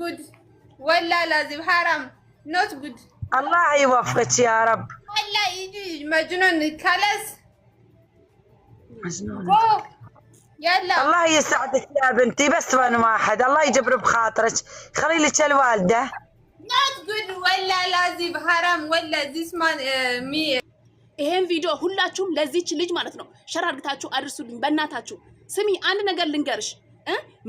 good ولا لازم حرام not good الله يوفقك يا رب ولا يجي مجنون كلس مجنون يلا الله يسعدك يا بنتي بس من واحد الله يجبر بخاطرك خلي لك الوالده not good ولا لازم حرام ولا this man uh, me ይሄን ቪዲዮ ሁላችሁም ለዚች ልጅ ማለት ነው ሸር አድርጋችሁ አድርሱልኝ። በእናታችሁ ስሚ፣ አንድ ነገር ልንገርሽ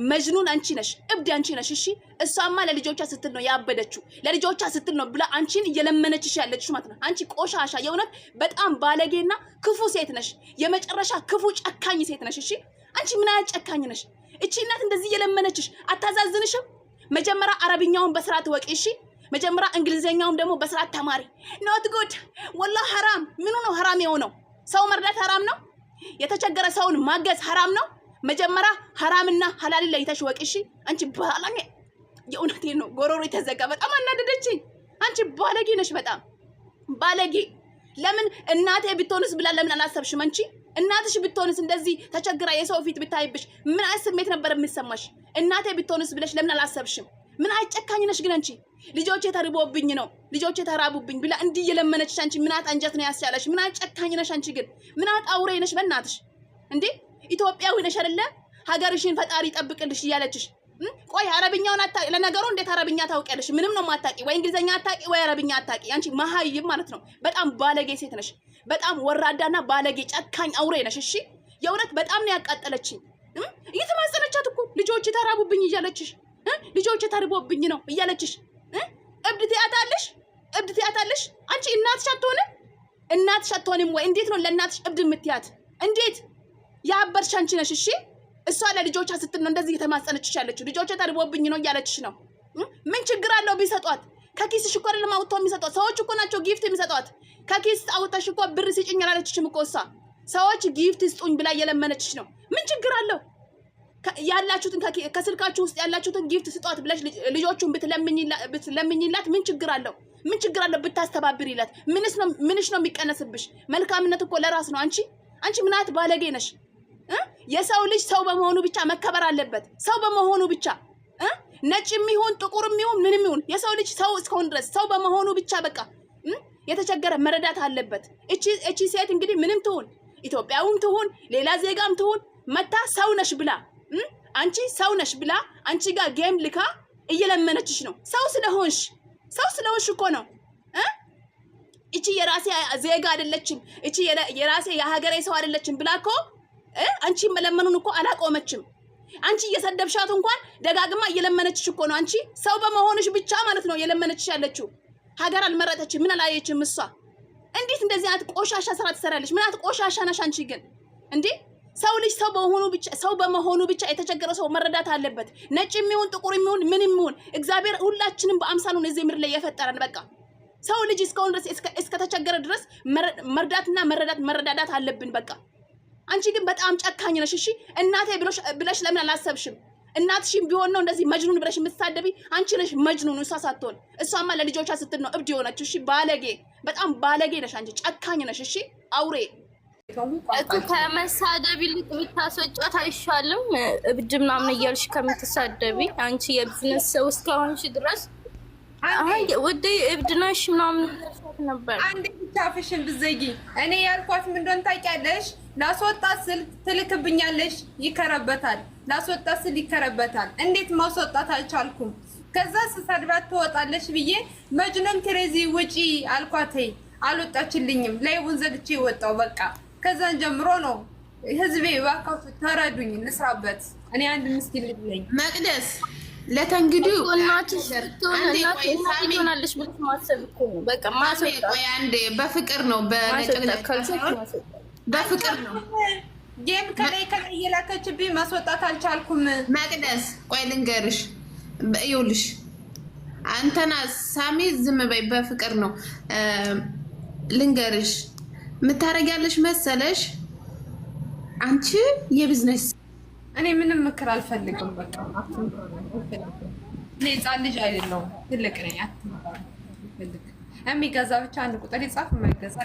መጅኑን አንቺ ነሽ፣ እብድ አንቺ ነሽ። እሺ እሷማ ለልጆቿ ስትል ነው ያበደችው፣ ለልጆቿ ስትል ነው ብላ አንቺን እየለመነችሽ ያለችሽ ማለት ነው። አንቺ ቆሻሻ፣ የእውነት በጣም ባለጌና ክፉ ሴት ነሽ። የመጨረሻ ክፉ ጨካኝ ሴት ነሽ። እሺ አንቺ ምን አይነት ጨካኝ ነሽ? እቺ እናት እንደዚህ እየለመነችሽ አታዛዝንሽም? መጀመሪያ አረብኛውን በስርዓት ወቂ እሺ። መጀመሪያ እንግሊዘኛውም ደግሞ በስርዓት ተማሪ። ኖት ጉድ ወላ ሀራም። ምኑ ነው ሀራም የሆነው? ሰው መርዳት ሀራም ነው። የተቸገረ ሰውን ማገዝ ሀራም ነው። መጀመሪያ ሀራምና ሀላል ለይተሽ ወቂ። እሺ አንቺ ባለጌ፣ የእውነቴ ነው ጎሮሮ የተዘጋ በጣም አናደደችኝ። አንቺ ባለጌ ነሽ፣ በጣም ባለጌ። ለምን እናቴ ብትሆንስ ብላ ለምን አላሰብሽም? አንቺ እናትሽ ብትሆንስ እንደዚህ ተቸግራ የሰው ፊት ብታይብሽ ምን አይነት ስሜት ነበር የምትሰማሽ? እናቴ ብትሆንስ ብለሽ ለምን አላሰብሽም? ምን አይነት ጨካኝ ነሽ ግን አንቺ። ልጆቼ ተርቦብኝ ነው ልጆቼ ተራቡብኝ ብላ እንዲህ የለመነችሽ አንቺ ምን አይነት አንጀት ነው ያስያለሽ? ምን አይነት ጨካኝ ነሽ አንቺ ግን ምን አይነት አውሬ ነሽ በእናትሽ እንዴ! ኢትዮጵያዊ ነሽ አይደለ? ሀገርሽን ፈጣሪ ይጠብቅልሽ እያለችሽ ቆይ አረብኛውን አታውቂ። ለነገሩ እንዴት አረብኛ ታውቂያለሽ? ምንም ነው ማታቂ፣ ወይ እንግሊዝኛ አታቂ፣ ወይ አረብኛ አታቂ። አንቺ መሀይም ማለት ነው። በጣም ባለጌ ሴት ነሽ። በጣም ወራዳና ባለጌ ጨካኝ አውሬ ነሽ። እሺ፣ የእውነት በጣም ነው ያቃጠለችኝ። እየተማጸነቻት እኮ ልጆች ተራቡብኝ እያለችሽ፣ ልጆች ተርቦብኝ ነው እያለችሽ። እብድ ትያታለሽ፣ እብድ ትያታለሽ። አንቺ እናትሽ አትሆንም፣ እናትሽ አትሆንም ወይ? እንዴት ነው ለእናትሽ እብድ የምትያት? እንዴት የአበድሽ አንቺ ነሽ። እሺ እሷ ለልጆቿ ስትል ነው እንደዚህ እየተማጸነችሽ ያለችው። ልጆቿ ተርቦብኝ ነው እያለችሽ ነው። ምን ችግር አለው ቢሰጧት? ከኪስሽ እኮ አይደለም የሚሰጧት ሰዎች እኮ ናቸው ጊፍት የሚሰጧት። ከኪስ አውጥተሽ እኮ ብር ስጭኝ አላለችሽም እኮ እሷ። ሰዎች ጊፍት ስጡኝ ብላ እየለመነችሽ ነው። ምን ችግር አለው? ያላችሁትን ከስልካችሁ ውስጥ ያላችሁትን ጊፍት ስጧት ብለሽ ልጆቹን ብትለምኝላት ምን ችግር አለው? ምን ችግር አለው ብታስተባብሪላት? ምንሽ ነው የሚቀነስብሽ? መልካምነት እኮ ለራስ ነው። አንቺ አንቺ ምናት ባለጌ ነሽ። የሰው ልጅ ሰው በመሆኑ ብቻ መከበር አለበት። ሰው በመሆኑ ብቻ ነጭ የሚሆን ጥቁር የሚሆን ምንም ይሁን የሰው ልጅ ሰው እስከሆን ድረስ ሰው በመሆኑ ብቻ በቃ የተቸገረ መረዳት አለበት። እቺ ሴት እንግዲህ ምንም ትሁን ኢትዮጵያውም ትሁን ሌላ ዜጋም ትሁን መታ ሰው ነሽ ብላ አንቺ ሰው ነሽ ብላ አንቺ ጋር ጌም ልካ እየለመነችሽ ነው። ሰው ስለሆንሽ ሰው ስለሆንሽ እኮ ነው። እቺ የራሴ ዜጋ አይደለችም፣ እቺ የራሴ የሀገሬ ሰው አይደለችም ብላ እኮ አንቺ መለመኑን እኮ አላቆመችም። አንቺ እየሰደብሻት እንኳን ደጋግማ እየለመነችሽ እኮ ነው። አንቺ ሰው በመሆንሽ ብቻ ማለት ነው እየለመነችሽ ያለችው። ሀገር አልመረጠችም። ምን አላየችም እሷ። እንዴት እንደዚህ አይነት ቆሻሻ ስራ ትሰራለች? ምን አይነት ቆሻሻ ነሽ አንቺ ግን እንዴ! ሰው ልጅ ሰው በመሆኑ ብቻ ሰው በመሆኑ ብቻ የተቸገረ ሰው መረዳት አለበት። ነጭ የሚሆን ጥቁር የሚሆን ምን የሚሆን እግዚአብሔር ሁላችንም በአምሳሉ እዚህ ምድር ላይ የፈጠረን በቃ ሰው ልጅ እስከሆን ድረስ እስከተቸገረ ድረስ መርዳትና መረዳት መረዳዳት አለብን በቃ አንቺ ግን በጣም ጨካኝ ነሽ። እሺ እናቴ ብለሽ ለምን አላሰብሽም? እናትሽም ቢሆን ነው እንደዚህ መጅኑን ብለሽ የምትሳደቢ አንቺ ነሽ መጅኑን፣ እሷ ሳትሆን። እሷማ ለልጆቿ ስትል ነው እብድ የሆነችው። እሺ ባለጌ፣ በጣም ባለጌ ነሽ አንቺ፣ ጨካኝ ነሽ። እሺ አውሬ እኮ ከመሳደቢ ልቅ ብታስወጫት አይሻልም? እብድ ምናምን እያልሽ ከምትሳደቢ አንቺ የቢዝነስ ሰው እስከሆንሽ ድረስ ውዴ እብድ ነሽ ምናምን ነበር። አንዴ ብቻ አፍሽን ብዘጊ። እኔ ያልኳት ምንድን እንደሆነ ታውቂያለሽ? ላስወጣት ስል ትልክብኛለሽ፣ ይከረበታል። ላስወጣት ስል ይከረበታል። እንዴት ማስወጣት አልቻልኩም። ከዛ ስሰድባት ትወጣለች ብዬ መጅኑን ቴሬዚ ውጪ አልኳት። አልወጣችልኝም። ላይቡን ዘግቼ ወጣው። በቃ ከዛን ጀምሮ ነው ህዝቤ ባካፍ ተረዱኝ፣ እንስራበት። እኔ አንድ ምስኪን ልጅ ነኝ። መቅደስ ለተንግዱ ሆናለች ብለሽ ማሰብ እኮ ነው። በቃ ማሰብ በፍቅር ነው በነጭ በፍቅር ነው። ጌም ከላይ ከላይ እየላከችብኝ ማስወጣት አልቻልኩም። መቅደስ ቆይ ልንገርሽ፣ ይኸውልሽ አንተና ሳሚ ዝም በይ፣ በፍቅር ነው። ልንገርሽ ምታረጊያለሽ መሰለሽ አንቺ የቢዝነስ እኔ ምንም ምክር አልፈልግም። በቃ እኔ ህፃን ልጅ አይደለሁም፣ ትልቅ ነኝ። የሚገዛ ብቻ አንድ ቁጥር ይጻፍ የማይገዛ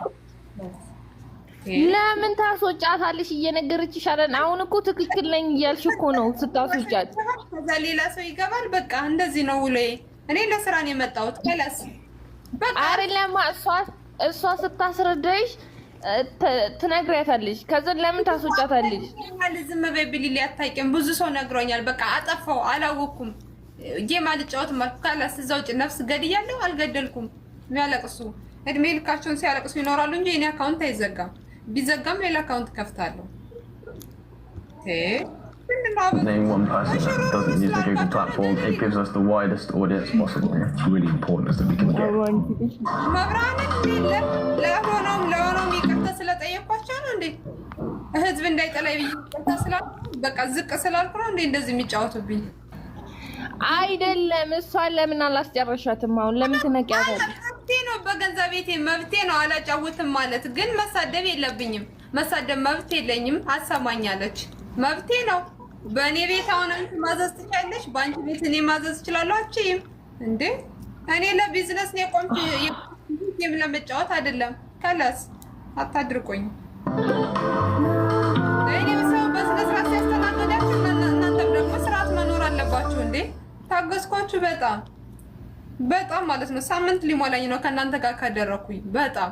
ለምን ታስወጫታለሽ? እየነገረች አለን። አሁን እኮ ትክክል ነኝ እያልሽ እኮ ነው ስታስወጫት። ከዛ ሌላ ሰው ይገባል። በቃ እንደዚህ ነው ውሎዬ። እኔ ለስራ ነው የመጣሁት። ከለስ አይደለም እሷ እሷ ስታስረዳሽ ትነግሪያታለሽ። ከዚ ለምን ታስወጫታለሽ? ዝም በይ ብሊል አታውቂም። ብዙ ሰው ነግሮኛል። በቃ አጠፋው፣ አላወኩም። ጌም አልጫወትም አልኩ። ከለስ እዛ ውጭ ነፍስ ገድያለሁ። አልገደልኩም። የሚያለቅሱ እድሜ ልካቸውን ሲያለቅሱ ይኖራሉ እንጂ እኔ አካውንት አይዘጋም። ቢዘጋም ሌላ አካውንት ከፍታለሁ። መብራንን የለም እንዳይጠላይ ዝቅ ስላልኩ ነው እንዴ እንደዚህ የሚጫወቱብኝ አይደለም። እሷን ለምን አላስጨረሻትም? አሁን ለምን ትነቂያታለሽ? መብቴ ነው፣ በገንዘብ ቤቴ መብቴ ነው። አላጫውትም ማለት ግን መሳደብ የለብኝም። መሳደብ መብት የለኝም። አሰማኛለች መብቴ ነው። በእኔ ቤት አሁን አንቺ ማዘዝ ትችላለሽ፣ በአንቺ ቤት እኔ ማዘዝ እችላለሁ። አችይም እንዴ እኔ ለቢዝነስ ነው የቆምኩ ጌም ለመጫወት አይደለም። ከላስ አታድርቆኝ። እኔ ሰው በስነስርዓት ሲያስተናግዳችሁ እናንተም ደግሞ ስርዓት መኖር አለባችሁ እንዴ። ታገዝኳችሁ በጣም በጣም ማለት ነው። ሳምንት ሊሞላኝ ነው ከእናንተ ጋር ካደረኩኝ። በጣም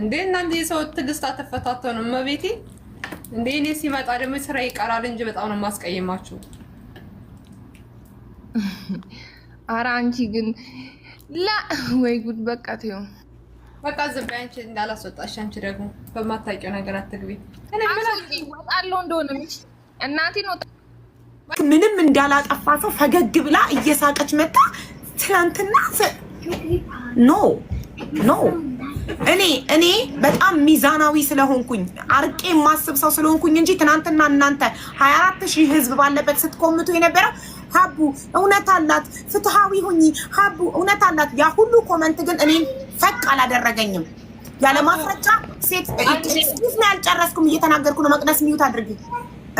እንዴ እናንተ የሰው ትዕግስት አትፈታተኑ ነው መቤቴ። እንዴ እኔ ሲመጣ ደግሞ ስራ ይቀራል እንጂ በጣም ነው የማስቀይማችሁ። ኧረ አንቺ ግን ላ ወይ ጉድ! በቃ ተይው በቃ ዝም አንቺ እንዳላስወጣሽ። አንቺ ደግሞ በማታውቂው ነገር አትግቢ። እወጣለሁ እንደሆነ እናቴን ወጣ ምንም እንዳላጠፋ ሰው ፈገግ ብላ እየሳቀች መጣ። ትናንትና ኖ ኖ እኔ እኔ በጣም ሚዛናዊ ስለሆንኩኝ አርቄ ማስብ ሰው ስለሆንኩኝ እንጂ ትናንትና እናንተ 24 ሺህ ህዝብ ባለበት ስትቆምቱ የነበረው ሀቡ እውነት አላት፣ ፍትሃዊ ሁኚ ሀቡ እውነት አላት። ያ ሁሉ ኮመንት ግን እኔን ፈቅ አላደረገኝም። ያለማስረጫ ማስረጃ ሴት ያልጨረስኩም እየተናገርኩ ነው። መቅደስ ሚዩት አድርጊ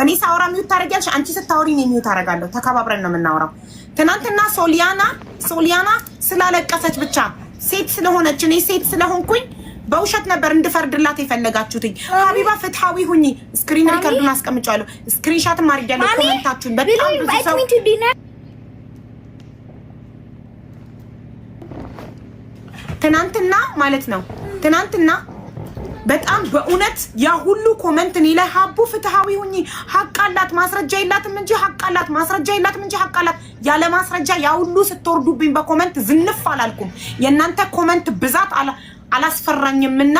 እኔ ሳውራ ሚውት ታደርጊያለሽ፣ አንቺ ስታወሪ ነው ሚውት አደርጋለሁ። ተከባብረን ነው የምናወራው። ትናንትና ሶሊያና ሶሊያና ስላለቀሰች ብቻ ሴት ስለሆነች እኔ ሴት ስለሆንኩኝ በውሸት ነበር እንድፈርድላት የፈለጋችሁትኝ። ሀቢባ ፍትሐዊ ሁኚ። ስክሪን ሪከርዱን አስቀምጫለሁ፣ ስክሪን ሻትም አድርጊያለሁ። ኮመንታችሁን በጣም ብዙ ሰው ትናንትና ማለት ነው ትናንትና በጣም በእውነት ያ ሁሉ ኮመንት እኔ ላይ ሀቡ ፍትሃዊ ሁኚ። ሀቅ አላት ማስረጃ የላትም እንጂ ሀቅ አላት ማስረጃ የላትም እንጂ ሀቅ አላት። ያለ ማስረጃ ያ ሁሉ ስትወርዱብኝ በኮመንት ዝንፍ አላልኩም። የእናንተ ኮመንት ብዛት አላስፈራኝምና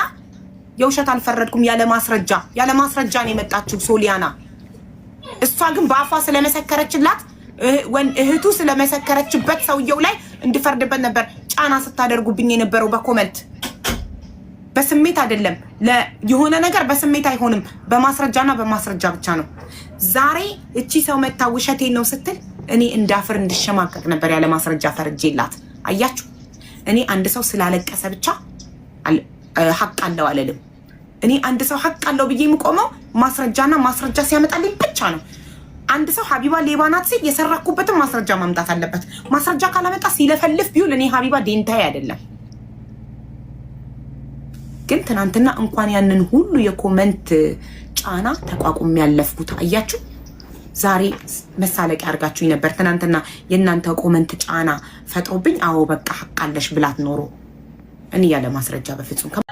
የውሸት አልፈረድኩም። ያለ ማስረጃ ያለ ማስረጃ ነው የመጣችው ሶሊያና። እሷ ግን በአፏ ስለመሰከረችላት እህቱ ስለመሰከረችበት ሰውየው ላይ እንድፈርድበት ነበር ጫና ስታደርጉብኝ የነበረው በኮመንት በስሜት አይደለም። የሆነ ነገር በስሜት አይሆንም። በማስረጃና በማስረጃ ብቻ ነው። ዛሬ እቺ ሰው መታ ውሸቴ ነው ስትል እኔ እንዳፍር እንድሸማቀቅ ነበር ያለ ማስረጃ ፈርጄላት። አያችሁ፣ እኔ አንድ ሰው ስላለቀሰ ብቻ ሀቅ አለው አለልም። እኔ አንድ ሰው ሀቅ አለው ብዬ የምቆመው ማስረጃና ማስረጃ ሲያመጣልኝ ብቻ ነው። አንድ ሰው ሀቢባ ሌባ ናት ሲል የሰራኩበትን ማስረጃ ማምጣት አለበት። ማስረጃ ካላመጣ ሲለፈልፍ ቢውል እኔ ሀቢባ ዴንታዬ አይደለም። ግን ትናንትና እንኳን ያንን ሁሉ የኮመንት ጫና ተቋቁም ያለፍኩት አያችሁ። ዛሬ መሳለቂያ አድርጋችሁኝ ነበር። ትናንትና የእናንተ ኮመንት ጫና ፈጥሮብኝ፣ አዎ በቃ ሀቃለሽ ብላት ኖሮ እኔ ያለ ማስረጃ በፍጹም